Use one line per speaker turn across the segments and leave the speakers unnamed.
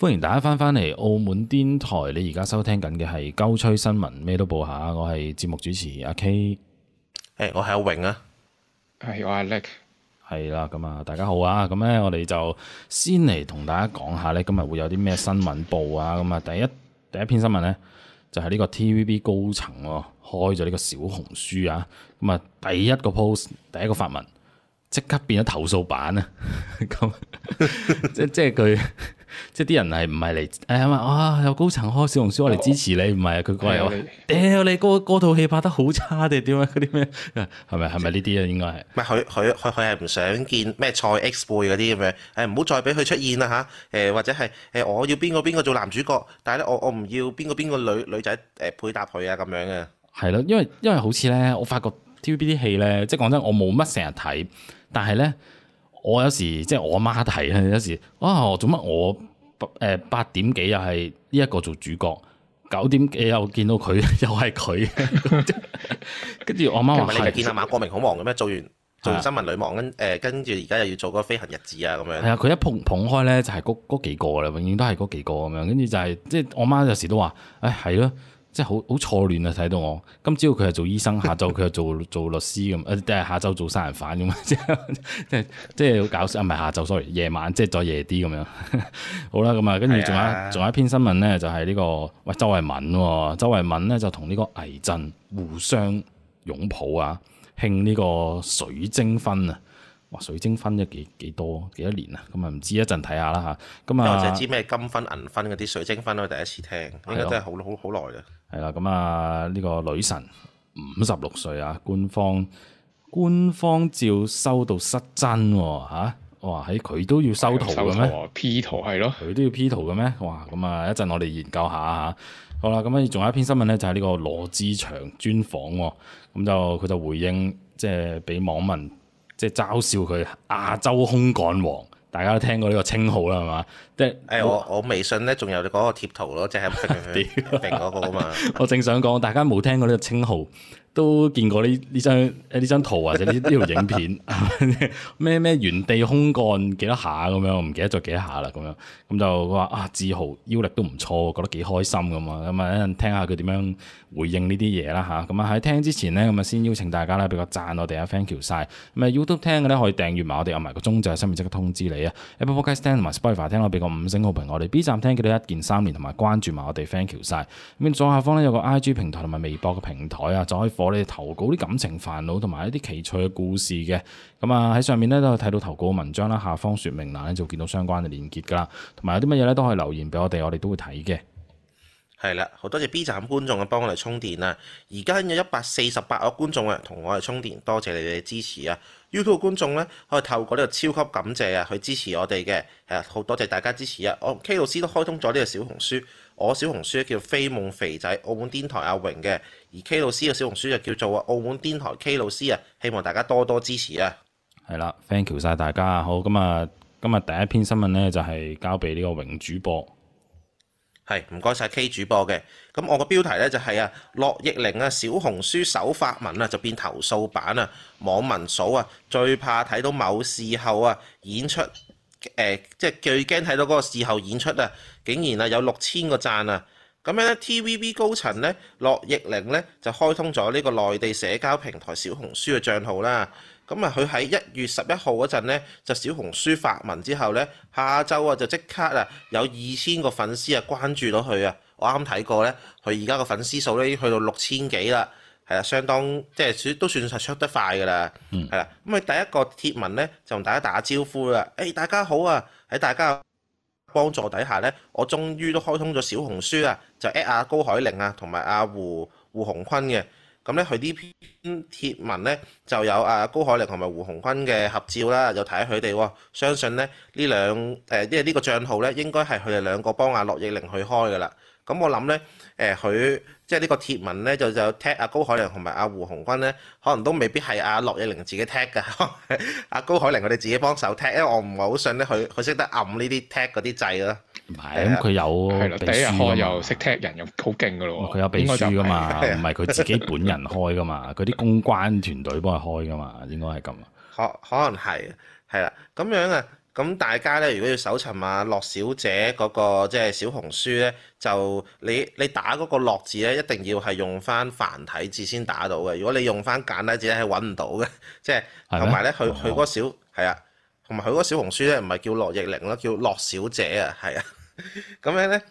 歡迎大家翻返嚟澳門電台，你而家收聽緊嘅係《鳩吹新聞》，咩都播下。我係節目主持阿 K，誒，hey, 我係阿永啊，係、hey, 我係阿叻，係啦，咁啊，大家好啊，咁咧，我哋就先嚟同大家講下咧，今日會有啲咩新聞報啊。咁啊，第一第一篇新聞咧就係、是、呢個 TVB 高層、哦、開咗呢個小紅書啊。咁啊，第一個 post，第一個發文，即刻變咗投訴版啊。咁， 即即係佢。 即係啲人係唔係嚟誒？因為啊，有高層開小紅書，我嚟支持你。唔係佢過嚟屌，嗯、你嗰套戲拍得好差定係點樣？嗰啲咩？係咪係咪呢啲啊？應該係。係佢佢
佢佢係唔想見咩蔡 X 輩嗰啲咁樣。誒，唔好再俾佢出現啦吓。誒，或者係誒，我要邊個邊個做男主角，但係咧我我唔要邊個邊個女女仔誒、呃、配搭佢啊咁樣
嘅。係咯，因為因為好似咧，我發覺 TVB 啲戲咧，即係講真，我冇乜成日睇，但係咧。我有時即係我媽睇啦，有時啊，做乜我誒，八點幾又係呢一個做主角，九點幾又見到佢又係佢，跟住 我媽話。你見阿馬國明好忙嘅咩？做完做完新聞女
王，跟誒跟住而家又要做嗰個飛行日誌啊咁樣。係啊，佢
一捧捧開咧就係嗰嗰幾個啦，永遠都係嗰幾個咁樣。跟住就係、是、即係我媽有時都話，誒係咯。即係好好錯亂啊！睇到我今朝佢係做醫生，下晝佢又做做律師咁，誒、啊、誒下晝做殺人犯咁啊！即係即係即係好搞笑唔係下晝，sorry，夜晚即係再夜啲咁樣。好啦，咁啊，跟住仲有仲是、啊、有一篇新聞咧，就係、是、呢、這個喂周慧敏喎，周慧敏咧、啊、就同呢個倪震互相擁抱啊，慶呢個水晶婚啊！哇，水晶婚一幾幾多幾多年看看啊？咁啊唔知一陣睇下啦吓，咁啊，我淨知咩
金婚銀婚嗰啲水晶婚我第一次聽，應該真係好好好耐嘅。對啊
係啦，咁啊呢個女神五十六歲啊，官方官方照收到失真、哦，吓我喺佢都要修圖嘅咩？P 圖係咯，佢都要 P 圖嘅咩？哇，咁啊一陣、哦嗯、我哋研究下嚇、啊。好啦，咁啊仲有一篇新聞咧，就係呢個羅志祥專訪、哦，咁就佢就回應，即係俾網民即係、就是、嘲笑佢亞洲空幹王。大家都聽過呢個稱號啦，係嘛？即係誒，我
我微信咧仲有你嗰個貼圖咯，即係定嗰個啊嘛。
我正想講，大家冇聽過呢個稱號。 都見過呢呢張誒呢張圖或者呢呢條影片咩咩 原地空幹幾多下咁樣，我唔記得咗幾多下啦咁樣，咁就話啊自豪腰力都唔錯，覺得幾開心咁啊咁啊，一陣聽下佢點樣回應呢啲嘢啦吓，咁啊喺聽之前咧，咁啊先邀請大家咧俾個讚我哋啊，thank you 晒。咁啊 YouTube 聽嘅咧可以訂閱埋我哋，有埋個鐘仔，係收面即刻通知你啊。Apple Podcast 同埋 Spotify 聽我俾個五星好評，我哋 B 站聽記得一鍵三連同埋關注埋我哋 thank you 晒。咁左下方咧有個 IG 平台同埋微博嘅平台啊，就我哋投稿啲感情煩惱同埋一啲奇趣嘅故事嘅，咁啊喺上面咧都可以睇到投稿嘅文章啦，下方說明欄咧就見到相關嘅連結噶啦，同埋有啲乜嘢咧都可以留言俾我哋，我哋都會睇嘅。
係啦，好多謝 B 站觀眾啊，幫我哋充電啊！而家有一百四十八個觀眾啊，同我哋充電，多謝你哋支持啊！YouTube 觀眾咧可以透過呢個超級感謝啊，去支持我哋嘅，係啊，好多謝大家支持啊！我 K 老師都開通咗呢個小紅書。我小紅書叫飛夢肥仔，澳門癲台阿榮嘅，而 K 老師嘅小紅書就叫做啊澳門癲台 K 老師啊，希望大家多多支持啊。
係啦，thank you 晒大家好，咁啊，今日第一篇新聞呢就係交俾呢個榮主播。
係，唔該晒 K 主播嘅。咁我個標題呢就係、是、啊，樂易玲啊小紅書首發文啊就變投訴版啊，網民數啊最怕睇到某事後啊演出。誒、呃、即係最驚睇到嗰個事後演出啊，竟然啊有六千個讚啊！咁樣咧，TVB 高層咧，樂易玲咧就開通咗呢個內地社交平台小紅書嘅賬號啦。咁啊，佢喺一月十一號嗰陣咧，就小紅書發文之後咧，下週啊就即刻啊有二千個粉絲啊關注到佢啊！我啱睇過咧，佢而家嘅粉絲數咧已經去到六千幾啦。係啊，相當即係算都算係出得快㗎啦。係啦，咁佢第一個貼文咧就同大家打下招呼啦。誒，大家好啊！喺大家幫助底下咧，我終於都開通咗小紅書啊，就 at 阿高海寧啊，同埋阿胡胡鴻鈞嘅。咁咧佢呢篇貼文咧就有阿高海寧同埋胡鴻鈞嘅合照啦，又睇下佢哋喎。相信咧呢兩誒，因為呢個賬號咧應該係佢哋兩個幫阿樂易玲去開㗎啦。咁我諗咧誒佢。即係呢個貼文咧，就就 tag 阿高海寧同埋阿胡鴻鈞咧，可能都未必係阿樂易玲自己 tag 噶。阿高海寧佢哋自己幫手 tag，因為我唔係好信咧，佢佢識得按呢啲 tag 嗰啲掣咯。
唔係，咁佢有係啦，第一日開又
識 tag 人，又好勁噶咯。佢有秘書噶嘛，唔係佢自己本人
開噶嘛，佢啲公關團隊幫佢開噶嘛，應該係咁。可
可
能係係啦，咁樣啊。咁大家咧，如果要搜尋啊，樂小姐嗰個即係小紅書咧，就你你打嗰個樂字咧，一定要係用翻繁體字先打到嘅。如果你用翻簡體字咧，係揾唔到嘅。即係同埋咧，佢佢嗰小係 啊，同埋佢嗰小紅書咧，唔係叫樂易玲咯，叫樂小姐啊，係啊，咁樣咧，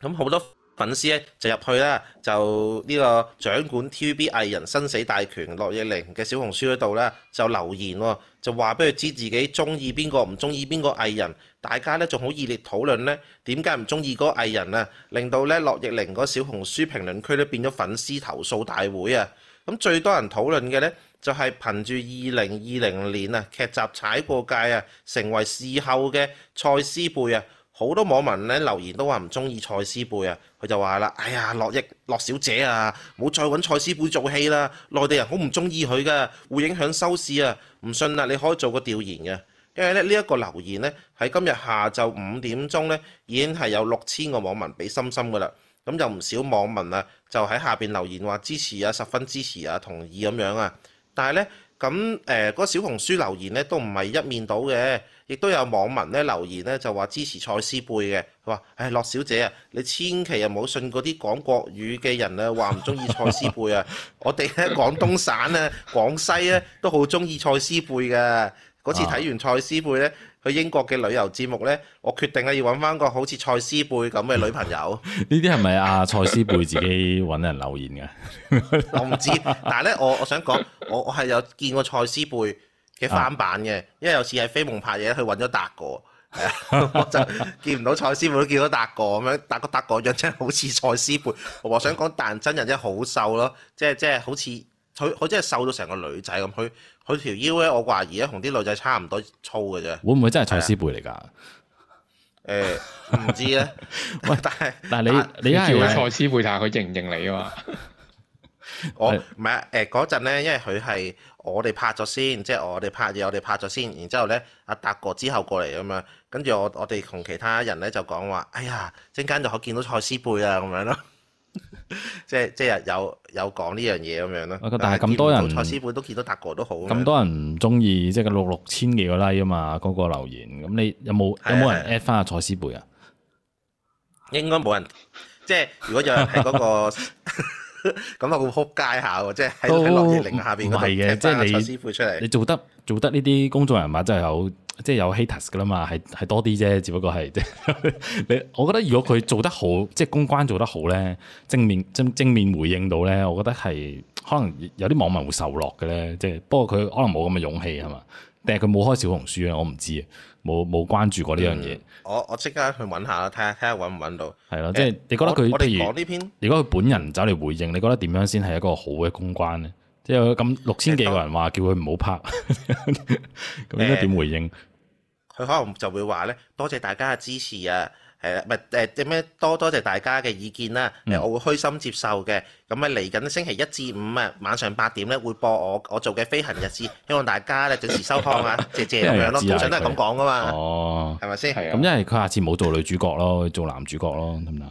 咁好多。粉絲咧就入去啦，就呢個掌管 TVB 藝人生死大權，樂易玲嘅小紅書嗰度咧就留言喎，就話俾佢知自己中意邊個，唔中意邊個藝人。大家咧仲好熱烈討論咧，點解唔中意嗰個藝人啊？令到咧樂易玲嗰小紅書評論區咧變咗粉絲投訴大會啊！咁最多人討論嘅咧就係憑住二零二零年啊劇集踩過界啊，成為事後嘅蔡思貝啊。好多網民咧留言都話唔中意蔡思貝啊，佢就話啦：哎呀，樂易玲小姐啊，冇再揾蔡思貝做戲啦！內地人好唔中意佢嘅，會影響收視啊！唔信啦，你可以做個調研嘅，因為咧呢一個留言咧喺今日下晝五點鐘咧已經係有六千個網民俾心心嘅啦。咁有唔少網民啊，就喺下邊留言話支持啊，十分支持啊，同意咁樣啊。但係咧，咁誒嗰個小紅書留言咧都唔係一面倒嘅。亦都有網民咧留言咧，就話支持蔡思貝嘅，佢話：唉、哎，洛小姐啊，你千祈唔好信嗰啲講國語嘅人咧，話唔中意蔡思貝啊！我哋喺廣東省啊、廣西咧、啊，都好中意蔡思貝嘅。嗰次睇完蔡思貝咧，啊、去英國嘅旅遊節目咧，我決定咧要揾翻個好似蔡思貝咁嘅女朋友。
呢啲係咪阿蔡思貝自己揾人留言嘅？ 我唔知，
但係咧，我我想講，我我係有見過蔡思貝。嘅翻版嘅，因為有次係飛夢拍嘢，佢揾咗達哥，係啊，我就見唔到蔡思貝，都見到達哥咁樣，達哥達哥樣真係好似蔡思貝。我說想講，但真人真係好瘦咯，即係即係好似佢，好似係瘦到成個女仔咁。佢佢條腰咧，我懷疑咧，同啲女仔差唔多粗嘅啫。會唔會真係蔡思貝嚟㗎？誒、啊，唔、欸、知咧。 喂， 但係是但係你但你係要蔡思貝查佢認唔認你嘛？ 我唔係啊，誒嗰陣咧，因為佢係我哋拍咗、就是、先，即係我哋拍嘢，我哋拍咗先，然之後咧，阿達哥之後過嚟咁樣，跟住我我哋同其他人咧就講話，哎呀，陣間就可見到蔡思貝啊咁樣咯，即係即係有有講呢樣嘢咁樣咯。但係咁多人蔡思貝都見到達哥都好。咁多人
唔中意，即係六六千幾個 like 啊嘛，嗰、那個留言，咁你有冇有冇的人 at 翻阿蔡思貝啊？
應該冇人，即係如果有人係嗰個。 咁啊， 會仆街下喎，即係喺落雨零下邊嗰度，即係你，師傅出嚟。你做
得做得呢啲工作人物真，真係有即係有 haters 噶啦嘛，係係多啲啫，只不過係，你 我覺得如果佢做得好，即係公關做得好咧，正面正正面回應到咧，我覺得係可能有啲網民會受落嘅咧，即係不過佢可能冇咁嘅勇氣係嘛，定係佢冇開小紅書啊？我唔知啊。冇冇關注過呢樣嘢，
我我即刻去揾下啦，睇下睇下揾唔揾到。
係咯的，欸、即係你覺得佢我譬如講呢篇，如果佢本人走嚟回應，你覺得點樣先係一個好嘅公關咧？即係咁六千幾個人話叫佢唔好拍，咁應該點回應？
佢、欸、可能就會話咧，多謝大家嘅支持啊！係啦，咪誒咩多多謝大家嘅意見啦，誒、嗯、我會虛心接受嘅。咁啊，嚟緊星期一至五啊晚上八點咧會播我我做嘅《飛行日誌》， 希望大家咧準時收看啊！謝謝咁樣咯，通常都係咁講噶嘛，係咪先？係啊。咁
因為佢下次冇做女主角咯，做男主角咯，咁樣。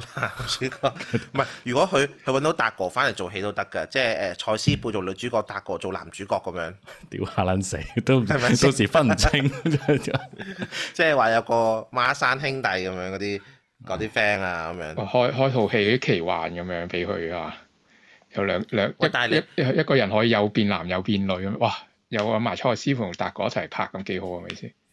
主角唔係，如果佢佢揾到達哥翻嚟做戲都得嘅，即係誒蔡思貝做女主角，嗯、達哥做男主角咁樣，屌下撚
死，都唔到時分唔清，
即係話有個孖生兄
弟咁樣嗰啲嗰啲 friend 啊咁樣，樣嗯、開開套戲啲奇幻咁樣俾佢啊，有兩兩一大一一個人可以有變男有變女咁，哇！有揾埋蔡思貝同達哥一齊拍咁幾好啊，係咪先～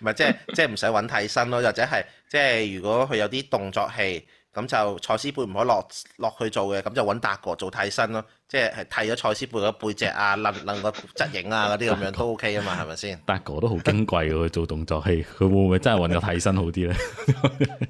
唔係即係即係唔使揾替身咯，或者係即係如果佢有啲動作戲咁就蔡思貝唔可以落落去做嘅，咁就揾達哥做替身咯，即係替咗蔡思貝個背脊啊、冧冧個側影啊嗰啲咁樣都 OK 啊嘛，係咪先？
達哥都好矜貴嘅，佢做動作戲，佢會唔會真係揾個替身好啲咧？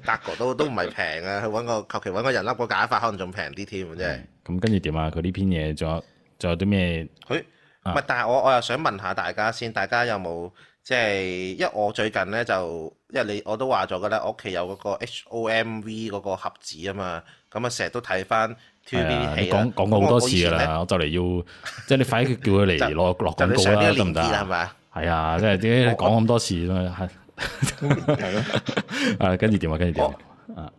達哥都都唔係平啊，去揾個求其揾個人笠個假髮，可能仲平啲添啊，真係。
咁跟住點啊？佢呢篇嘢仲有仲有啲咩？佢唔係，但係我
我又想問下大家先，大家有冇？即係，因為我最近咧就，因為你我都話咗噶啦，我屋企有嗰個 HOMV 嗰個盒子啊嘛，咁啊成日都睇翻
TVB。你講講過好多次噶啦，我就嚟要，即係你快啲叫佢嚟攞落廣告啦，得唔得啊？係啊，即係點解講咁多次咧？係咯，啊跟住點啊？跟住點？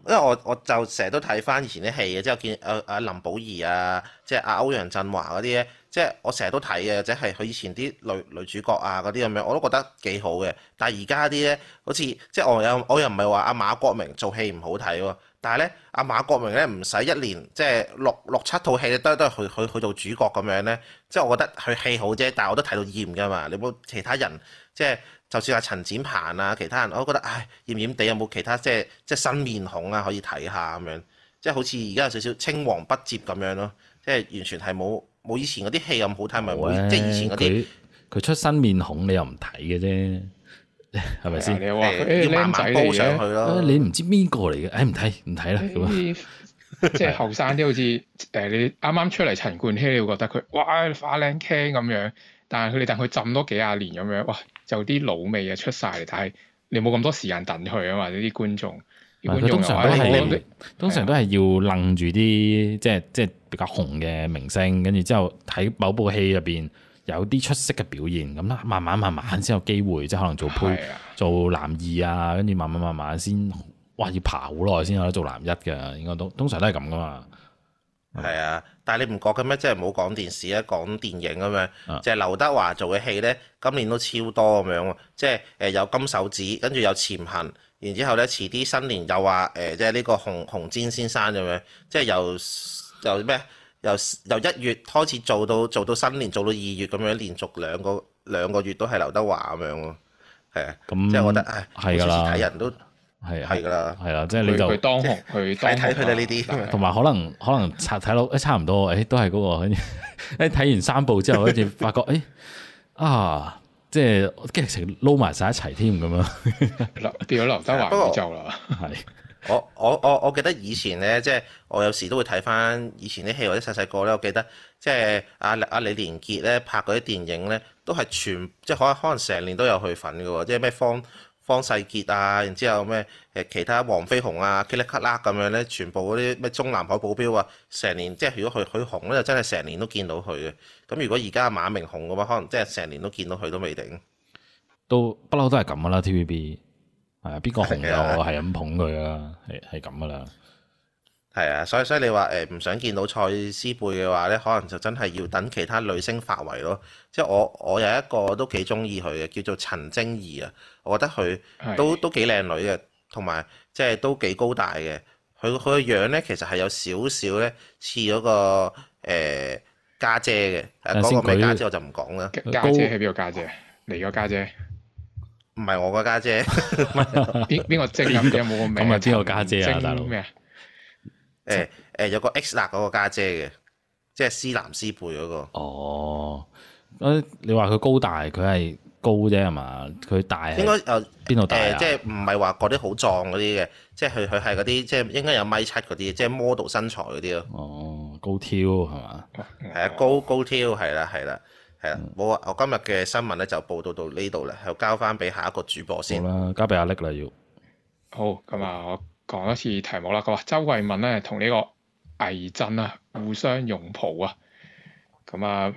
因為我我就成日都睇翻以前啲戲嘅，即係見阿阿林保怡啊，即係阿歐陽振華嗰啲咧。即係我成日都睇嘅，或者係佢以前啲女女主角啊嗰啲咁樣，我都覺得幾好嘅。但係而家啲咧，好似即係我又我又唔係話阿馬國明做戲唔好睇喎，但係咧阿馬國明咧唔使一年即係六六七套戲都都去去去做主角咁樣咧，即係我覺得佢戲好啫，但係我都睇到厭㗎嘛。你冇其他人即係就算阿陳展鵬啊，其他人我都覺得唉厭厭地。有冇其他即係即係新面孔啊可以睇下咁樣？即係好似而家有少少青黃不接咁樣咯，即係完全係冇。冇以前嗰啲戲咁好睇，咪冇即係以前嗰啲
佢出新面孔你又唔睇嘅啫，係咪先？你話你要慢慢煲上去咯。你唔知邊個嚟嘅，唉唔睇唔睇啦咁樣！即係後生啲好
似誒、哎、你啱啱出嚟陳冠希，你會覺得佢哇、哎、花靚傾咁樣，但係佢哋等佢浸多幾廿年咁樣，哇就啲老味啊出晒嚟，但係你冇咁多時間等佢啊嘛，呢啲觀眾。通常都係，
通常都係要楞住啲即係即係比較紅嘅明星，跟住之後睇某部戲入邊有啲出色嘅表現，咁啦，慢慢慢慢先有機會，啊、即係可能做配、啊、做男二啊，跟住慢慢慢慢先，哇！要爬好耐先有得做男一㗎，應該都通常都係咁噶嘛。係啊，嗯、
但係你唔覺嘅咩？即係唔好講電視啊，講電影啊嘛，即係劉德華做嘅戲咧，今年都超多咁樣喎。即係誒，有金手指，跟住有潛行。然之後咧，遲啲新年又話誒，即係呢個紅紅毯先生，咁樣，即係由由咩，由由一月開始做到做到新年，做到二月咁樣，連續兩個兩個月都係劉德華咁樣喎。係啊，嗯、即係我覺得，哎，好少睇人都
係係㗎啦，係啦，即係你就去去當紅
去睇睇佢哋呢啲，同
埋可能可能睇到差唔多，誒、哎、都係嗰、那個，睇 完三部之後好似發覺，誒、哎、啊！ 即係，跟住成撈埋晒一齊添咁樣，變咗劉德華宇宙啦。係我
我我我我記得以前咧，即係我有時都會睇翻以前啲戲，或者細細個咧，我記得即係阿阿李連杰咧拍嗰啲電影咧，都係全即係可可能成年都有去份嘅喎，即係咩方。方世傑啊，然之後咩誒其他黃飛鴻啊 Killer Killa 咁樣咧，全部嗰啲咩中南海保鏢啊，成年即係如果佢佢紅咧，就真係成年都見到佢嘅。咁如果而家馬明紅嘅話，可能即係成年都見到佢都未定。
都不嬲都係咁噶啦，TVB 係啊，邊個紅我係咁捧佢啊，係係咁噶啦。
係啊，所以所以你話誒唔想見到蔡思貝嘅話咧，可能就真係要等其他女星發圍咯。即係我我有一個都幾中意佢嘅，叫做陳晶儀啊。我覺得佢都都幾靚女嘅，同埋即係都幾高大嘅。佢佢個樣咧，其實係有少少咧似嗰個誒家姐嘅。講個名家姐我就唔講啦。家姐喺邊個家姐？嚟個家姐？唔係我個家姐。邊邊個晶？有咁咪邊個家姐啊，大佬？誒誒、欸，有個 X 辣嗰個家姐嘅，即係師男師輩嗰個。哦，
咁你話佢高大，佢係高啫係嘛？佢大應該
誒邊度大？即係唔係話嗰啲好壯嗰啲嘅，即係佢佢係嗰啲即係應該有米七嗰啲，即係 model 身材嗰啲咯。哦，
高挑係嘛？
係啊，高 高，高挑係啦係啦，係啊。 我今日嘅新聞咧就報道到到呢度啦，又交翻俾下一個主播先。
好啦，交俾阿叻啦要。
好，咁啊。講一次題目啦，佢話周慧敏咧同呢個倪震啊互相擁抱啊，咁、嗯、啊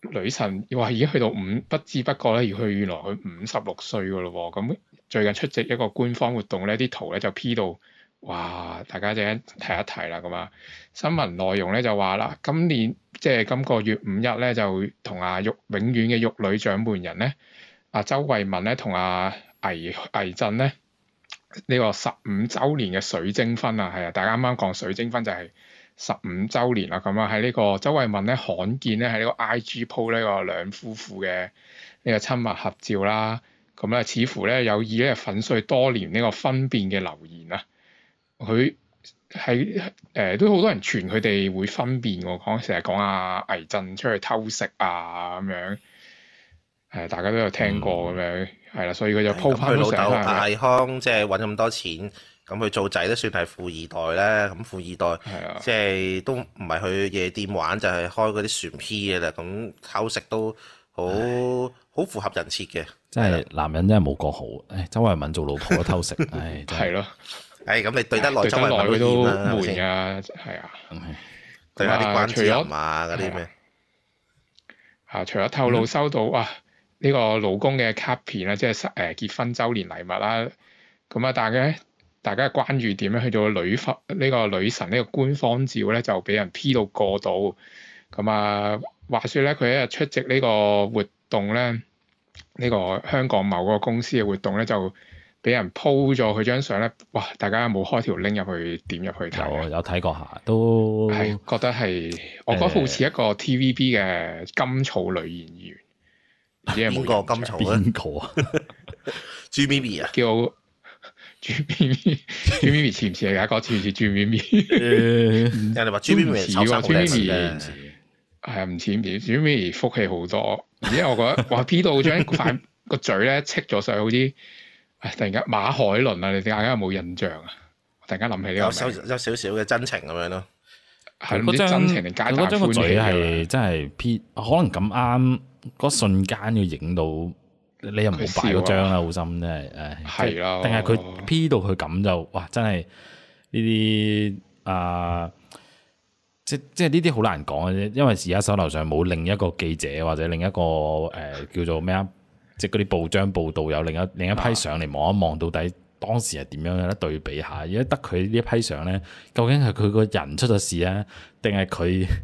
女神話已經去到五，不知不覺咧，而去原來佢五十六歲噶咯喎，咁、嗯、最近出席一個官方活動呢啲圖咧就 P 到，哇！大家陣間睇一睇啦，咁、嗯、啊新聞內容咧就話啦，今年即係今個月五日咧就同阿玉永遠嘅玉女掌門人咧，阿周慧敏咧同阿倪倪震咧。呢個十五週年嘅水晶婚啊，係啊，大家啱啱講水晶婚就係十五週年啦。咁啊，喺呢個周慧敏咧，罕見咧喺呢個 IG po 呢個兩夫婦嘅呢個親密合照啦。咁咧，似乎咧有意咧粉碎多年呢個婚變嘅流言啊。佢喺誒都好多人傳佢哋會婚變喎，講成日講阿倪震出去偷食啊咁樣。係，大家都有聽過咁樣，係啦，所以佢就鋪翻佢老豆阿康，即係搵
咁多錢，咁佢做仔都算係富二代啦。咁富二代，即係都唔係去夜店玩，就係開嗰啲船 P 嘅啦。咁偷食都好好符合人設嘅，
真係男人真係冇個好。周慧敏做老婆偷食，係
係咯，咁你對得耐，周慧敏都悶噶，係啊，對下啲關照啊，嗰啲咩？吓，除咗透露收到啊。呢個老公嘅卡片啊，即係誒結婚周年禮物啦。咁啊，但係咧，大家關注點咧，佢做女方呢、呢個女神呢、呢個官方照咧，就俾人 P 到過度。咁啊，話説咧，佢一日出席呢個活動咧，呢、呢個香港某個公司嘅活動咧，就俾人 po 咗佢張相咧。哇！大家有冇開條 link 入去點入去睇？有有睇過下，
都係
覺得係，我覺得好似一個 TVB 嘅甘草女演員。唔知係冇個金草邊個啊？G B B 啊，叫 G B B G B B 似唔似啊？講似唔似 G B B？人哋話 G B B
醜醜靚
靚，係啊，唔似唔似？G B B 福氣好多，而家我覺得哇 P 到張塊個嘴咧，斥咗上去，好似唉突然間馬海倫啊！你哋大家有冇印象啊？突然間諗起呢個有少少嘅真情咁樣咯，係嗰啲真情嚟。嗰張個嘴係
真係 P，可能咁啱。嗰瞬間要影到你又唔好擺嗰張啦，好心真係誒，定係佢 P 到佢咁就哇，真係呢啲啊，即即係呢啲好難講嘅啫，因為而家手頭上冇另一個記者或者另一個誒、呃、叫做咩啊，即嗰啲報章報道有另一另一批相嚟望一望，到底當時係點樣咧？對比下，而家得佢呢一批相咧，究竟係佢個人出咗事啊，定係佢？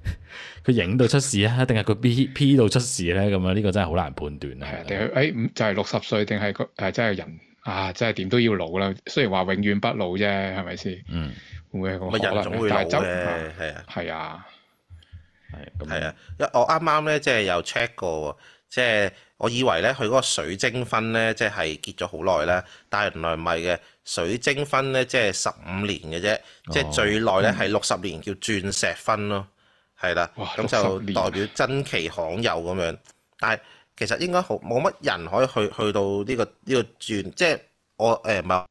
佢影到出事啊？定係佢 P P 到出事咧？咁啊，呢個真係好難判斷啦。係啊，定係誒，就係六十歲，定係誒，真係人啊，真係點都要老啦。雖
然話永遠不老啫，係咪先？嗯，會唔會咁好啦？人總會老啊，係啊，
係咁係啊。我啱啱咧即係有 check 過，即係我以為咧佢嗰個水晶婚咧，即係結咗好耐啦，但係原來唔係嘅，水晶婚咧即係十五年嘅啫，即係最耐咧係六十年叫鑽石婚咯。係啦，咁哇就代表珍奇罕有咁樣。但係其實應該好冇乜人可以去去到呢個呢個鑽，即係我誒唔係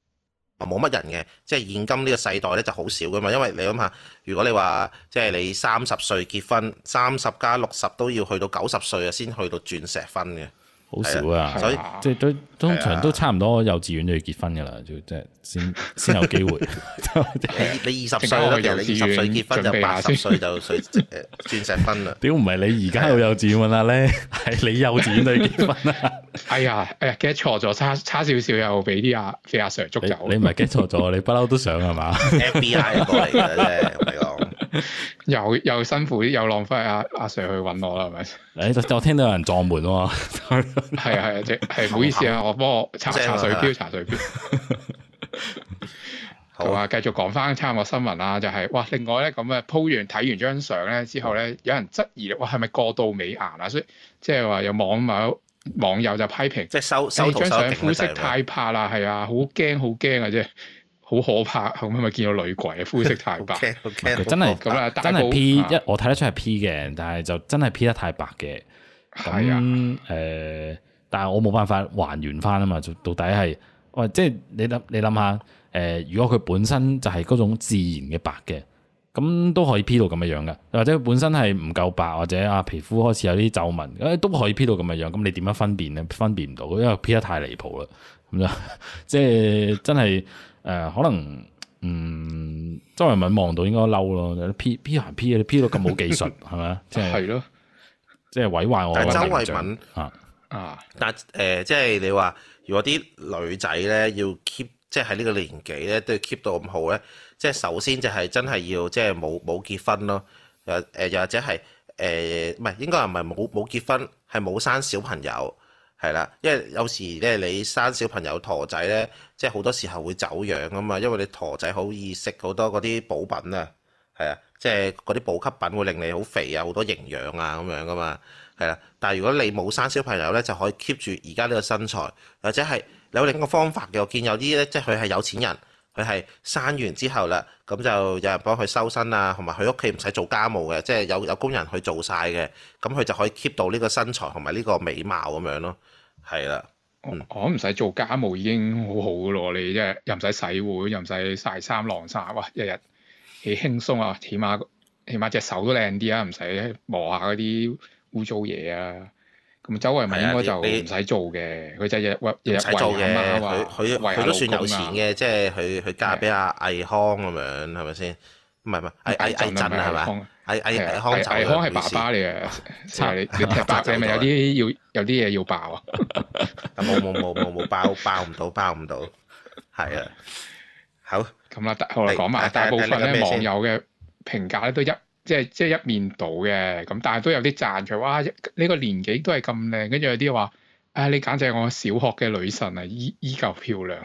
冇乜人嘅，即係現今呢個世代咧就好少噶嘛。因為你諗下，如果你話即係你三十歲結婚，三十加六十都要去到九十歲啊，先去到鑽石婚嘅。
好少啊，所以即係都通常都差唔多幼稚園都要結婚噶啦，就即係先先有機會。你你二十歲結婚就八十歲就算鑽石婚啦。屌唔係你而家有幼稚園啦咧，係你幼稚園都要結
婚啊！哎呀，哎呀，記錯咗，差差少少又俾啲阿阿 sir 捉走。你唔係記錯咗，你不嬲都想係嘛 FBI 過嚟嘅啫，係 又又辛苦又浪費阿阿 Sir 去揾我啦，係
咪？誒，我聽到有人撞門啊，係啊，即係唔好意思啊，我幫我查查水表，查水表。
好啊，繼續講翻差唔多新聞啦，就係、是、哇，另外咧咁啊鋪完睇完張相咧之後咧，有人質疑哇係咪過度美顏啊？所以即係話有網友網友就批評，即係收修張相膚色太怕啦，係啊，好驚好驚啊，即係。好可怕，後屘咪見到女鬼，灰色太白，真係真係是 P，啊，一，
我睇得出係 P 嘅，但係就真係 P 得太白嘅。係啊，誒、呃，但係我冇辦法還原翻啊嘛，就到底係，喂，呃，即係你諗，你諗下，誒、呃，如果佢本身就係嗰種自然嘅白嘅，咁都可以 P 到咁嘅樣嘅，或者佢本身係唔夠白，或者啊皮膚開始有啲皺紋，誒、欸、都可以 P 到咁嘅樣，咁你點樣分辨咧？分辨唔到，因為 P 得太離譜啦，咁就即係真係。真 誒、呃、可能嗯周慧敏望到應該嬲咯，P P 行 P 啊，P 到咁冇技術係咪啊？即係係咯，即係 毀壞我。但周慧敏啊
掌啊！但係誒、呃，即係你話，如果啲女仔咧要 keep，即係喺呢個年紀咧都要 keep 到咁好咧，即係首先就係真係要即係冇冇結婚咯，又誒又或者係誒唔係應該係唔係冇冇結婚係冇生小朋友。係啦，因為有時咧你生小朋友陀仔咧，即係好多時候會走樣啊嘛。因為你陀仔好易食好多嗰啲補品啊，係啊，即係嗰啲補給品會令你好肥啊，好多營養啊咁樣噶嘛。係啦，但係如果你冇生小朋友咧，就可以 keep 住而家呢個身材，或者係有另一個方法嘅。我見有啲咧，即係佢係有錢人，佢係生完之後啦，咁就有人幫佢收身啊，同埋佢屋企唔使做家務嘅，即係有有工人去做晒嘅，咁佢就可以 keep 到呢個身材同埋呢個美貌咁
樣咯。係啦、嗯，我唔使做家務已經好好咯，你即係又唔使洗碗，又唔使曬衫晾衫，哇、啊你！日日幾輕鬆啊，起碼起碼隻手都靚啲啊，唔使磨下嗰啲污糟嘢啊。咁周圍咪應該就唔使做嘅，佢就日日日唔使做嘅。佢佢佢都算有錢嘅，即係
佢佢嫁俾阿倪匡咁樣，係咪先？唔係唔係倪倪倪震係嘛？
阿康就係爸爸嚟嘅。查你，你阿爸係咪有啲要有啲嘢要爆啊？冇冇冇冇冇爆，爆唔到，爆唔到，係啊。好，咁啦，我嚟講埋，大部分咧網友嘅評價咧都一即係即係一面倒嘅，咁但係都有啲讚佢哇！呢個年紀都係咁靚，跟住有啲話，誒，你簡直係我小學嘅女神啊，依依舊漂亮。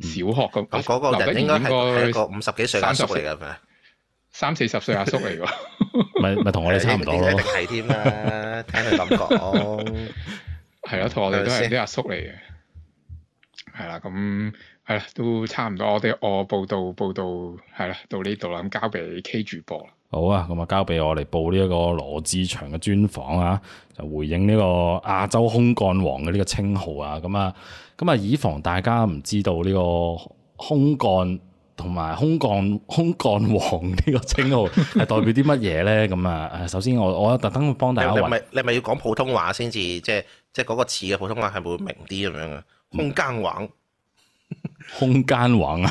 小學咁嗰個人應該係個五十幾歲三十歲嚟係咪？三四十歲阿叔嚟喎， 咪咪同我哋差唔多咯。係添啦，聽你咁講，
係咯，同我哋都係啲
阿叔嚟嘅。係啦， 咁係啦，都差唔多， 多。我哋我報道報道係啦，到呢度啦，咁交俾 K 主播。
好啊，咁、嗯、啊，交俾我哋報呢一個羅志祥嘅專訪啊，就回應呢個亞洲空幹王嘅呢個稱號啊。咁啊，啊，咁啊，mm, 以防大家唔知道呢個空幹、啊。啊同埋空幹空幹王呢個稱號係代表啲乜嘢咧？咁啊，首先我我特登幫大家揾，
你咪要講普通話先至，即即嗰個詞嘅普通話係會明啲咁樣啊！
空間王， 空，空間王啊，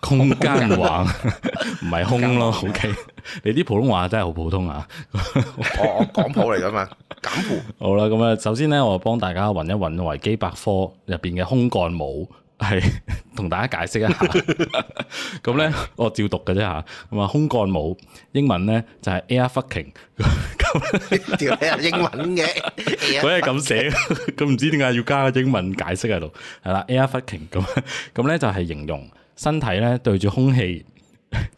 空間王唔係空咯。OK， 你啲普通話真係好普通啊！我我港普嚟
㗎嘛，港普。
好啦，咁啊，首先咧，我幫大家揾一揾維基百科入邊嘅空幹舞。係同大家解釋一下，咁 咧呢 我照讀嘅啫吓，咁啊 空幹舞英文咧就係 air fucking，條
係 英文嘅，佢係咁
寫，咁唔 知點解要加個英文解釋喺度，係啦 air fucking，咁咁咧就係形容身體咧對住空氣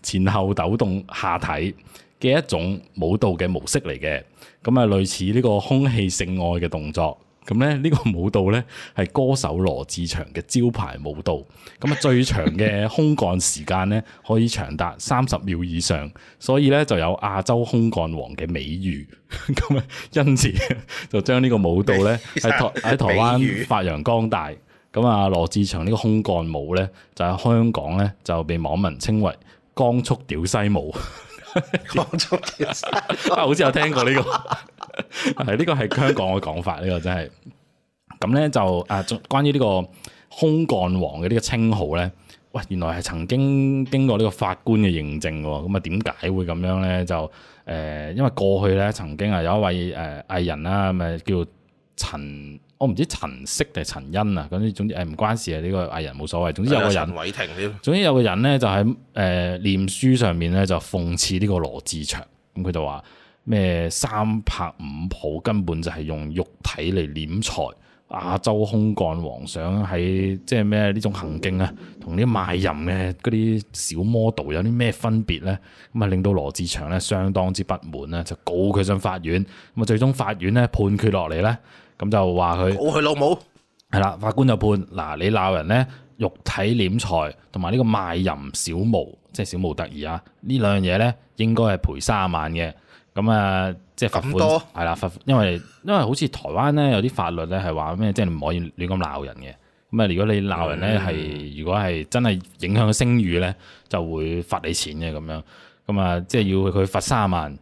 前後抖動下體嘅一種舞蹈嘅模式嚟嘅，咁 啊類似呢個空氣性愛嘅動作。咁咧，呢個舞蹈咧係歌手羅志祥嘅招牌舞蹈，咁啊最長嘅空幹時間咧可以長達三十秒以上，所以咧就有亞洲空幹王嘅美譽。咁啊因此就將呢個舞蹈咧喺台喺台灣發揚光大。咁啊羅志祥呢個空幹舞咧就喺香港咧就被網民稱為光速屌西舞，光速屌西，啊 好似有聽過呢、這個。係呢個係香港嘅講法，呢個真係咁咧就誒，關於呢個空幹王嘅呢個稱號咧，喂，原來係曾經經過呢個法官嘅認證嘅，咁啊點解會咁樣咧？就誒、呃，因為過去咧曾經啊有一位誒藝、呃、人啦，咪叫陳，我唔知陳色定陳恩啊，咁總之誒唔、呃、關事啊，呢、這個藝人冇所謂，總之有個人，呃、霆總之有個人咧就喺誒、呃、臉書上面咧就諷刺呢個羅志祥，咁佢就話。嗯咩三拍五抱根本就係用肉體嚟斂財。亞洲空幹王，想喺即係咩呢種行徑啊，同啲賣淫嘅嗰啲小 model 有啲咩分別咧？咁啊，令到羅志祥咧相當之不滿啦，就告佢上法院。咁啊，最終法院咧判決落嚟咧，咁就話佢告佢老母係啦。法官就判嗱，你鬧人咧，肉體斂財同埋呢個賣淫小模，即係小模得意啊，呢兩樣嘢咧應該係賠三啊萬嘅。咁啊、嗯，即係罰款，係啦，罰款，因為因為好似台灣咧有啲法律咧係話咩，即係唔可以亂咁鬧人嘅。咁啊，如果你鬧人咧係，嗯、如果係真係影響咗聲譽咧，就會罰你錢嘅咁樣。咁啊，即係要佢罰三萬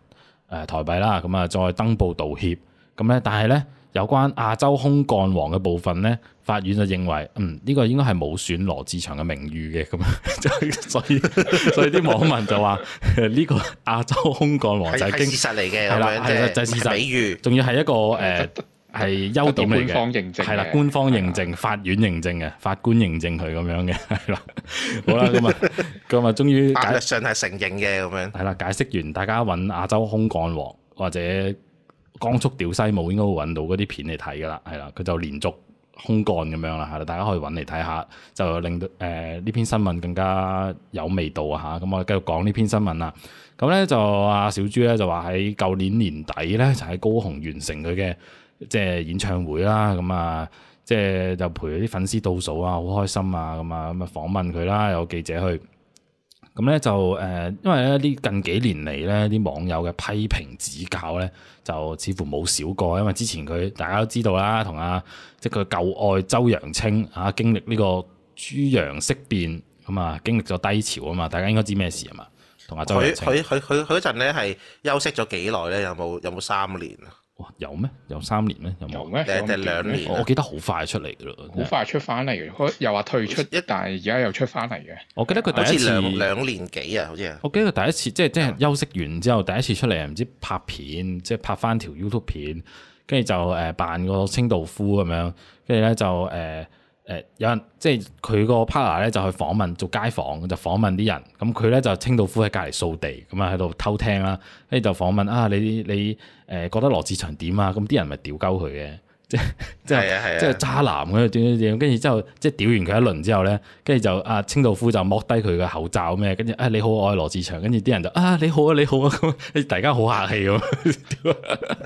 誒台幣啦。咁啊，再登報道歉。咁咧，但係咧。有關亞洲空幹王嘅部分咧，法院就認為，嗯、呢、這個應該係冇損羅志祥嘅名譽嘅，咁樣，所以所以啲網民就話呢 個亞洲空幹王就係事實嚟嘅，係啦，就係事實，比喻，仲要係一個誒係優點嚟嘅，係啦，官方認證，啦啦法院認證嘅，法官認證佢咁樣嘅，係啦，好啦，咁啊，咁啊， 終於法律上係承認嘅，咁樣，係啦，解釋完，大家揾亞洲空幹王或者。光速屌西舞應該會揾到嗰啲片嚟睇噶啦，係啦，佢就連續空幹咁樣啦，係啦，大家可以揾嚟睇下，就令到誒呢、呃、篇新聞更加有味道啊嚇！咁我繼續講呢篇新聞啦。咁咧就阿小豬咧就話喺舊年年底咧就喺、是、高雄完成佢嘅即係演唱會啦，咁啊即係就陪啲粉絲倒數啊，好開心啊咁啊咁啊訪問佢啦，有記者去。咁咧就誒，因為咧啲近幾年嚟咧啲網友嘅批評指教咧，就似乎冇少過。因為之前佢大家都知道啦，同阿即係佢舊愛周揚青啊經歷呢個豬羊色變咁啊，經歷咗低潮啊嘛，大家應該知咩事啊嘛，同阿周揚青佢佢
佢佢佢嗰陣咧係
休息咗幾耐咧？有冇有冇三年啊？有
咩？有三年咩？有冇？咩？誒誒兩年我，我記得好快出嚟嘅咯，好快
出翻嚟嘅，又話退出，一但係而家又出翻嚟嘅。
我記得佢第一次兩兩年
幾啊，好似
啊。我記得佢第一次即係即係休息完之後第一次出嚟，唔知拍片，即係拍翻條 YouTube 片，跟住就誒、呃、扮個清道夫咁樣，跟住咧就誒。呃誒、呃、有人即係佢個 partner 咧就去訪問，做街訪，就訪問啲人。咁佢咧就清道夫喺隔離掃地，咁啊喺度偷聽啦，跟住就訪問啊，你你誒覺得羅志祥點啊？咁啲人咪屌鳩佢嘅。 即即係啊，即係渣男咁樣點點點，跟住之後即係屌完佢一輪之後咧，跟住就阿清道夫就剝低佢嘅口罩咩，跟住啊你好愛羅志祥，跟住啲人就啊你好啊你好啊，咁你、啊、大家好客氣喎、啊，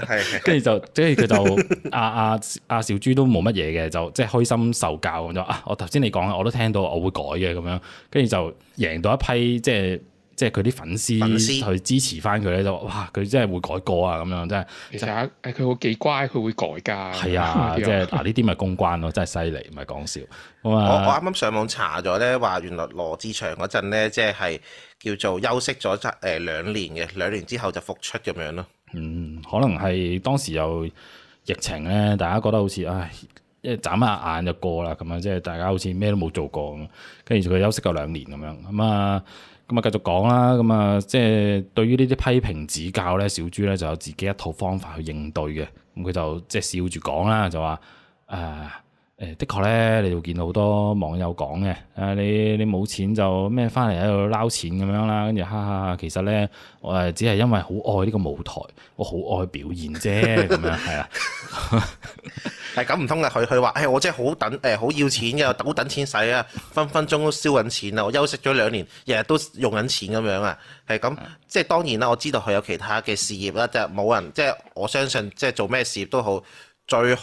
係， 跟住就即係佢就 啊阿阿、啊小，啊、小豬都冇乜嘢嘅，就即係開心受教咁就啊，我頭先你講嘅，我都聽到，我會改嘅咁樣，跟住就贏到一批即係。即係佢啲粉絲、粉絲去支持翻佢咧，就哇！佢真係會改過啊，咁樣真係。其實佢好幾乖，佢會改噶。係啊， 即係嗱，呢啲咪公關咯，真係犀利，唔係講笑。我我啱啱上網查咗咧，話原來
羅志祥嗰陣咧，即係叫做休息咗誒兩年嘅，兩年之後就復出咁樣咯。嗯，
可能係當時又疫情咧，大家覺得好似唉，一眨下眼就過啦咁樣，即係大家好似咩都冇做過咁，跟住佢休息夠兩年咁樣咁啊。咁啊，繼續講啦。咁啊，即係對於呢啲批評指教咧，小豬咧就有自己一套方法去應對嘅。咁佢就即係笑住講啦，就話誒誒，的確咧，你會見到好多網友講嘅。誒、啊，你你冇錢就咩翻嚟喺度撈錢咁樣啦，跟住哈哈。其實咧，我係只係因為好愛呢個舞台，我好愛表現啫。咁樣係啊。係咁
唔通啦？佢佢話：，誒，我真係好等，誒、欸，好要錢嘅，好等錢使啊，分分鐘都燒緊錢啊！我休息咗兩年，日日都用緊錢咁樣啊。係咁，即係當然啦，我知道佢有其他嘅事業啦，就係冇人即係我相信，即係做咩事業都好，最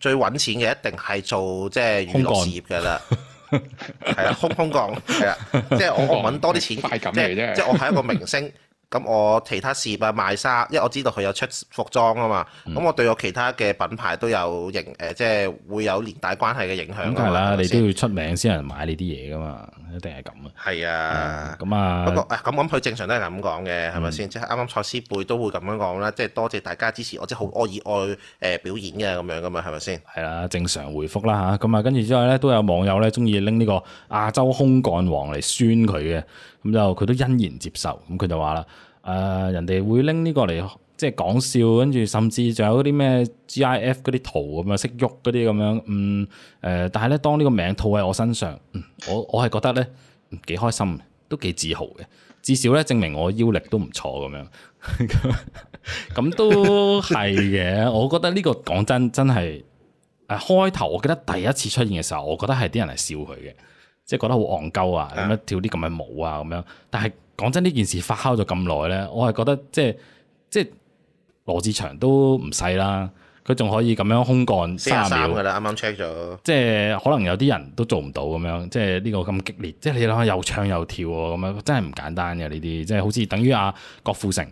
最揾錢嘅一定係做即係娛樂事業嘅啦。係啊空幹，空空幹係啊，即係我我揾多啲錢，即係即係我係一個明星。 咁我其他事業啊賣衫，因為我知道佢有出服裝啊嘛，咁、嗯、我對我其他嘅品牌都有影誒、呃，即係會有連帶關係嘅影響。咁係啦，吧你都要出名
先有人買你啲嘢噶嘛，一定係咁啊。係啊，咁、嗯、啊，不
過咁咁佢正常都係咁講嘅，係咪先？即係啱啱蔡思貝都會咁樣講啦，即係多謝大家支持我，即係好愛愛誒表演嘅咁樣噶嘛，係咪先？係啦、
啊，正常回覆啦嚇，咁啊跟住之後咧，都有網友咧中意拎呢個亞洲空幹王嚟酸佢嘅，咁就佢都欣然接受，咁佢就話啦。誒、呃、人哋會拎呢個嚟即係講笑，跟住甚至仲有啲咩 GIF 嗰啲圖咁啊，識喐嗰啲咁樣，嗯誒、呃。但係咧，當呢個名套喺我身上，嗯、我我係覺得咧幾開心，都幾自豪嘅。至少咧，證明我腰力都唔錯咁樣。咁 都係嘅。 我覺得呢個講真真係誒、啊、開頭，我記得第一次出現嘅時候，我覺得係啲人係笑佢嘅，即係覺得好戇鳩啊，咁樣跳啲咁嘅舞啊咁樣？但係。講真呢件事發酵咗咁耐咧，我係覺得即係即係羅志祥都唔細啦，佢仲可以咁樣空幹三三秒噶
啦，啱啱 check 咗。剛剛
即係可能有啲人都做唔到咁樣，即係呢、呢個咁激烈。即係你諗下又唱又跳咁樣，真係唔簡單嘅呢啲。即係好似等於阿郭富城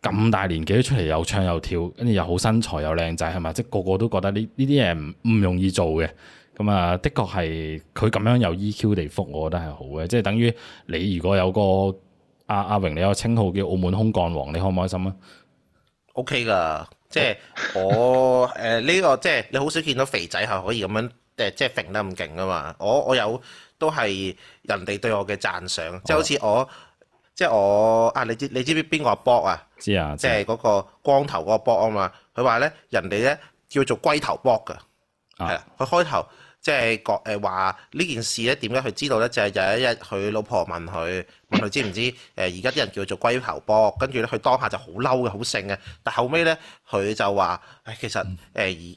咁大年紀都出嚟又唱又跳，跟住、啊、又、又、又好身材又靚仔係咪？即係個個都覺得呢呢啲嘢唔容易做嘅。咁啊，的確係佢咁樣有 EQ 地復，我覺得係好嘅。即係等於你如果有個。阿、啊、阿榮，你有個稱號叫澳門空幹王，你開唔開心啊
？O K 㗎，即係、okay 就是、我誒呢、 呃這個即係、就是、你好少見到肥仔係可以咁樣誒，即係揈得咁勁㗎嘛。我我有都係人哋對我嘅讚賞，即係好似我即係我啊，你知你知唔、啊、知邊個,個博啊？
知啊，即係
嗰個光頭嗰個博啊嘛。佢話咧，人哋咧叫做龜頭博㗎，係啦、啊，佢開頭。即係講誒話呢件事咧，點解佢知道咧？就係有一日，佢老婆問佢，問佢知唔知誒？而家啲人叫做龜頭波，跟住咧，佢當下就好嬲嘅，好性嘅。但後尾咧，佢就話：誒，其實誒，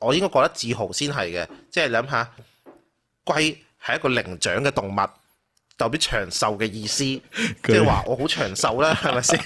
我應該覺得自豪先係嘅。即係諗下，龜係一個靈長嘅動物，代表長壽嘅意思，即係話我好長壽啦，係咪先？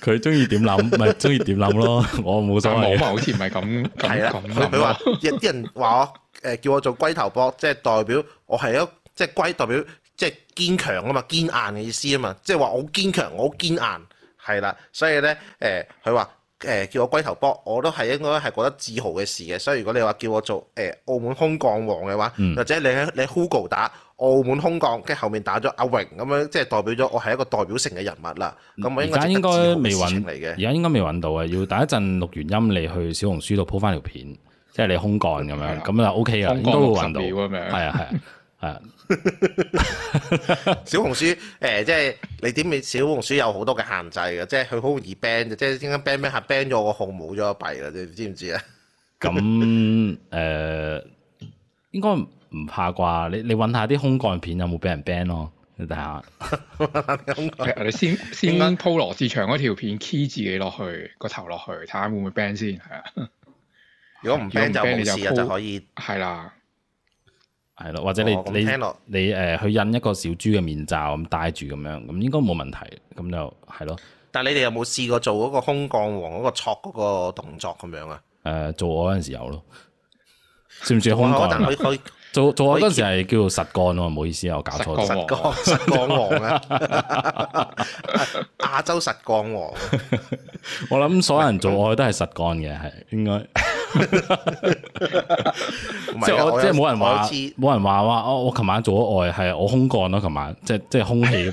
佢中意點諗咪中意點諗咯，我冇所謂。我嘛好似唔係咁，係啦。佢話
有啲人話我，誒叫我做龜頭博，即係代表我係一即係龜，代表即係堅強啊嘛，堅硬嘅意思啊嘛，即係話我好堅強，我好堅硬，係啦。所以咧誒，佢話誒叫我龜頭博，我都係應該係覺得自豪嘅事嘅。所以如果你話叫我做誒、呃、澳門空降王嘅話，嗯、或者你喺你 Google 打澳門空降，跟後面打咗阿榮咁樣，即係代表咗我係一個代表性嘅人物啦。咁我應該未揾到，而家
應該未揾到啊，要等一陣錄完音，你去小紅書度鋪翻條片。即係你空幹咁樣，咁的就 OK 啊，幹應該會揾到。咁係啊，係啊，係啊。
小紅書誒，即、欸、係、就是、你點你小紅書有好多嘅限制嘅，即係佢好容易 ban 嘅，即係一陣 ban ban 下 ban 咗個號，冇咗個幣啦，你知唔知啊？
咁 誒、呃，應該唔怕啩？你你揾下啲空幹片有冇俾人 ban 咯？你睇下。 你先 該你先鋪羅市祥嗰條片 key 自己落
去個頭落去，睇下會唔會 ban 先？係啊。如果唔驚就冇事啊，就可以係啦，
係咯，或者你你聽落你誒去印一個小豬嘅面罩咁戴住咁樣，咁應該冇問題，咁就係咯。
但係你哋有冇試過做嗰個空幹王嗰個挫嗰個動作咁樣啊？
誒，做愛嗰陣時有咯，算唔算空幹啊？做做愛嗰陣時係叫做實幹啊！唔好意思啊，我搞錯咗。實幹王啊，
亞洲實幹王。
我諗所有人做愛都係實幹嘅，係應該。 的即係我，我有即係冇人話，冇人話話我。我琴晚做咗愛，係我空降空幹咯。琴晚即係即係空氣，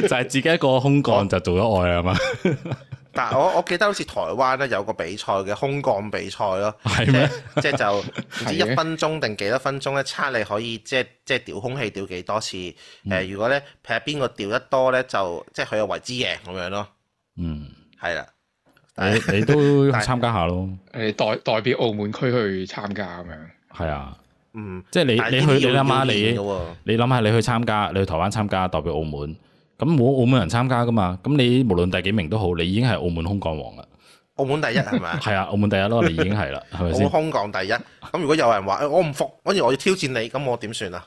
就係自己一個空幹就做咗愛啊嘛。
我 但係我我記得好似台灣咧有個比賽嘅空幹比賽咯 嗎，即係即係就唔知一分鐘定幾多分鐘咧，測 的你可以即係即係吊空氣吊幾多次。誒、呃，如果咧譬邊個吊得多咧，就即係佢以為之贏咁樣咯。嗯
係啦。你，你都參加下咯，
誒 代代表澳門區去參加咁樣，係啊，嗯，即係你你去你諗下你
你諗下你去參加，你去台灣參加代表澳門，咁冇澳門人參加噶嘛，咁你無論第幾名都好，你已經係澳門空降王啦，澳門第一係咪啊？係 啊，澳門第一咯，你已經係啦，係咪先？空
降第一，咁如果有人話誒我唔服，跟住我要挑戰你，咁我點算啊？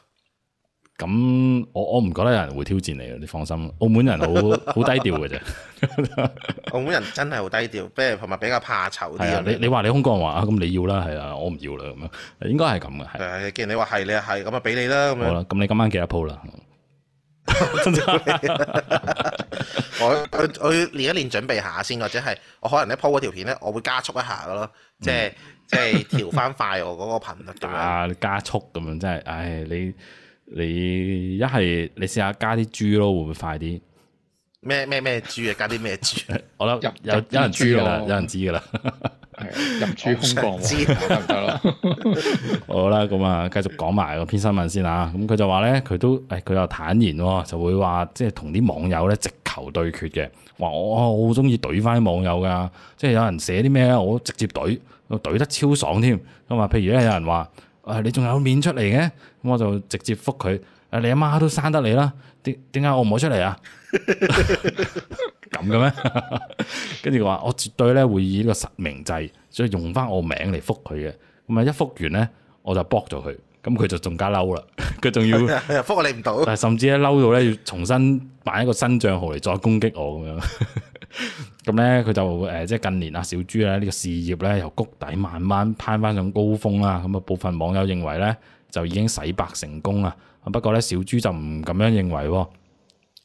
咁我我唔覺得有人會挑戰你嘅，你放心。澳門人好好 低調嘅啫。
澳門人真係好低調，不如同埋比較怕醜啲。係、啊、你你
話你空降話啊，咁你要啦，係
啊，我唔要啦，咁樣
應該係咁嘅。
係、啊、既然你話係你係、就係，咁啊俾你啦，咁樣。好啦，
咁你今晚記得一鋪啦？我
要我我練一練準備下先，或者係我可能一鋪嗰條片咧，我會加速一下咯，即係即係調翻快我嗰個頻率啊，
加速咁樣真係，唉、哎、你。你你你一係你試下加啲豬咯，會唔會快啲？
咩咩咩豬啊？加啲咩豬？
我諗想入有有人知噶啦，有人知噶啦。 入豬空降得唔得啦？好啦，咁啊，繼續講埋嗰篇新聞先吓。咁、嗯、佢就話咧，佢都誒，佢、哎、又坦然喎、哦，就會話即係同啲網友咧直球對決嘅。話我我好中意懟翻啲網友噶，即、就、係、是、有人寫啲咩咧，我直接懟，懟得超爽添。咁、嗯、啊，譬如咧，有人話。啊！你仲有面出嚟嘅，咁我就直接覆佢。啊！你阿媽都生得你啦，點點解我唔好出嚟啊？咁嘅咩？跟 住我話，我絕對咧會以呢個實名制，所以用翻我名嚟覆佢嘅。咁啊，一覆完咧，我就 block 咗佢。咁佢就仲加嬲啦，佢仲要覆你唔到。 甚至一嬲到咧要重新辦一個新賬號嚟再攻擊我咁樣。 咁咧，佢就誒、呃，即係近年啊，小豬咧呢、這個事業咧由谷底慢慢攀翻上高峰啦。咁、嗯、啊，部分網友認為咧，就已經洗白成功啦。不過咧，小豬就唔咁樣認為喎、哦。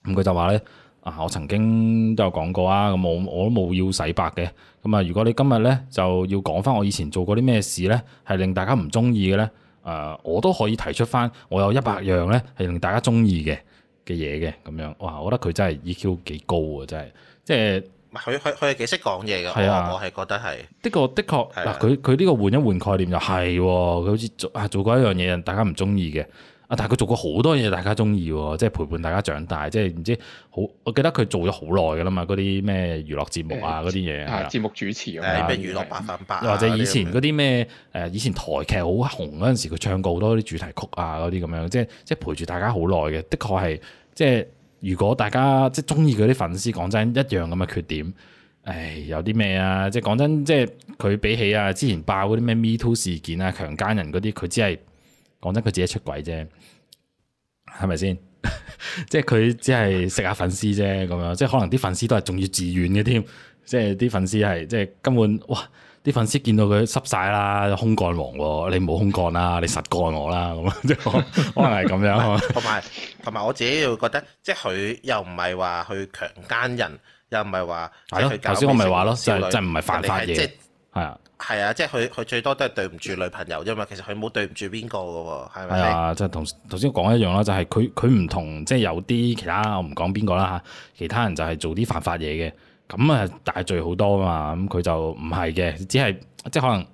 咁、嗯、佢就話咧，啊，我曾經都有講過啊。咁我我都冇要洗白嘅。咁、嗯、啊，如果你今日咧就要講翻我以前做過啲咩事咧，係令大家唔中意嘅咧，誒、呃，我都可以提出翻，我有一百樣咧係令大家中意嘅嘅嘢嘅。咁樣，哇，我覺得佢真係 EQ 幾高啊，真係。即係，
佢佢佢係幾識講嘢嘅，啊、我我係覺得係
的確的確。嗱，佢佢呢個換一換概念就係、是，佢、啊、好似做啊做過一樣嘢，大家唔中意嘅。啊，但係佢做過好多嘢，大家中意嘅，即係陪伴大家長大，即係唔知好。我記得佢做咗好耐嘅啦嘛，嗰啲咩娛樂節目啊，嗰啲嘢，節目
主持啊，咩娛樂百分百、啊，或者以前
嗰啲咩誒以前台劇好紅嗰陣時，佢唱過好多啲主題曲啊，嗰啲咁樣，即係即係陪住大家好耐嘅，的確係即係。即如果大家即係中意佢啲粉絲，講真一樣咁嘅缺點，誒有啲咩啊？即係講真，即係佢比起啊之前爆嗰啲咩 MeToo 事件啊、強奸人嗰啲，佢只係講真佢自己出軌啫，係咪先？ 即係佢只係食下粉絲啫咁樣，即係可能啲粉絲都係仲要自願嘅添，即係啲粉絲係即係根本哇！啲粉絲見到佢濕晒啦，空幹王，你冇空幹啦，你實幹我啦，咁即係可能係咁樣。同埋
同埋我自己又覺得，即係佢又唔係話去強姦人，又唔係話係咯。頭先我咪話咯，即係唔係犯法嘢，係、就係、啊，係啊，啊即係佢佢最多都係對唔住女朋友啫嘛。嗯、其實佢冇對唔住邊個噶喎，係咪先？
係啊，就同頭先講一樣啦，就係佢佢唔同，即、就、係、係、有啲其他我唔講邊個啦嚇，其他人就係做啲犯法嘢嘅。咁啊、嗯、大罪好多啊嘛，咁、嗯、佢就唔係嘅，只係即係可能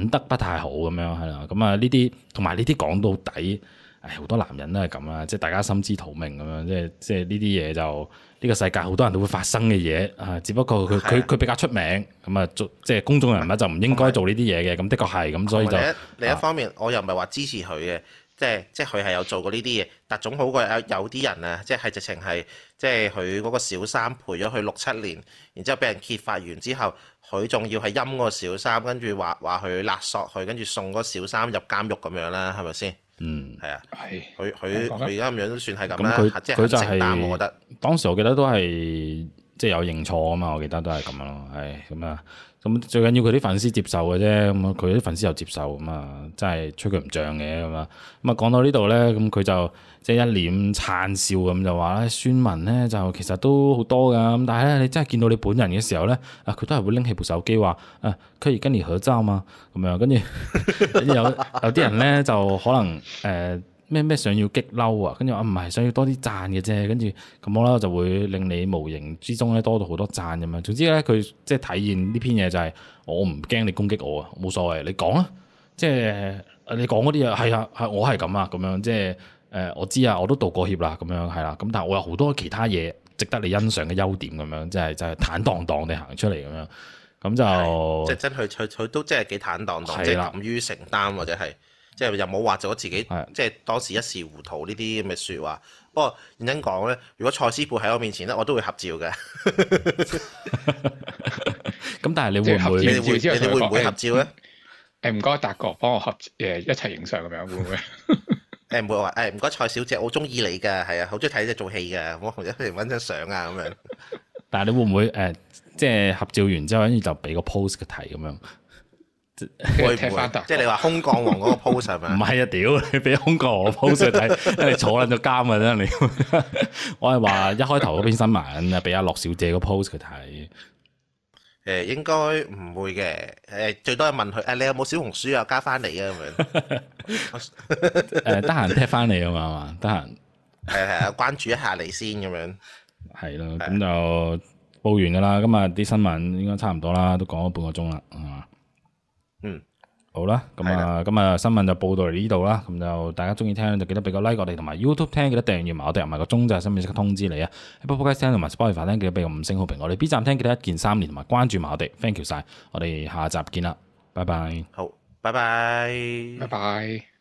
品德不太好咁樣係啦。咁啊呢啲同埋呢啲講到底，唉、哎、好多男人都係咁啦，即係大家心知肚明咁樣，即係即係呢啲嘢就呢、呢個世界好多人都會發生嘅嘢啊。只不過佢佢佢比較出名，咁、嗯、啊做即係公眾人物就唔應該做呢啲嘢嘅，咁的確係咁，所以就
另一方面，啊、我又唔係話支持佢嘅。即係即係佢係有做過呢啲嘢，但總好過有有啲人啊！即係係直情係，即係佢嗰個小三陪咗佢六七年，然之後俾人揭發完之後，佢仲要係陰個小三，跟住話話佢勒索佢，跟住送嗰小三入監獄咁樣啦，係咪先？嗯，係啊，係佢佢佢而家咁樣都算係咁啦，即係佢承擔我、就係，我覺得
當時我記得都係。即係有認錯啊嘛，我記得都係咁樣，係咁啊，咁最緊要佢啲粉絲接受嘅啫，咁啊佢啲粉絲又接受咁啊，真係吹佢唔漲嘅咁啊。咁啊講到呢度咧，咁佢就即係一臉燦笑咁就話咧，宣文咧就其實都好多噶，咁但係咧你真係見到你本人嘅時候咧，啊佢都係會拎起部手機話，啊佢跟你合照啊嘛，咁樣跟住 有有啲人咧就可能誒。呃咩咩想要激嬲啊？跟住啊唔係想要多啲讚嘅啫。跟住咁我咧就會令你無形之中咧多到好多讚咁樣。總之咧佢即係體現呢篇嘢就係我唔驚你攻擊我啊，冇所謂，你講啊。即係你講嗰啲嘢係啊，係我係咁啊，咁樣即係誒我知啊，我都道過歉啦，咁樣係啦。咁但係我有好多其他嘢值得你欣賞嘅優點咁樣，即係即係坦蕩蕩地行出嚟咁樣，咁就即係
真係佢佢都真係幾坦蕩蕩，即係了敢於承擔或者係。即係又冇話咗自己，的即係當時一時糊塗呢啲咁嘅説話。不過認真講咧，如果蔡師傅喺我面前咧，我都會合照嘅。
咁 但係你會唔會？合照你會唔會、欸、會，會合照咧？誒唔
該，達哥幫我合誒一齊影相咁樣會唔會？誒唔會話誒唔該蔡小姐，我
中意你㗎，係啊，好中意睇你做戲㗎，我同你揾張相啊咁樣。
但係你會唔會誒、呃、即係合照完之後，跟住就俾個 post 佢睇咁樣？會唔會？即係你話空降王嗰個 post 係咪？唔係啊！屌，你俾空降王 post 去睇，你坐喺度監啊！真係你，我係話一開頭嗰篇新聞啊，俾阿樂小姐個 post 佢睇。
誒，應該唔會嘅。誒，最多係問佢誒，你有冇小紅書啊？加翻嚟啊，咁樣。誒，得閒踢
翻你啊嘛，係嘛？得閒
係係啊，關注一下你先咁樣。係咯，
咁就報完噶啦。今日啲新聞應該差唔多啦，都講咗半個鐘啦，係嘛？嗯，好啦，咁啊，咁啊的，新聞就報道嚟呢度啦，咁就大家中意聽就記得俾個 like 我哋，同埋 YouTube 聽記得訂閱埋我哋，同埋個鐘仔，係新聞識通知你啊。喺 Apple Podcast 聽同埋 Spotify 聽記得俾個五星好評，我哋 B 站聽記得一鍵三連同埋關注埋我哋，thank you 晒，我哋下集見啦，拜拜。好，
拜拜，拜拜。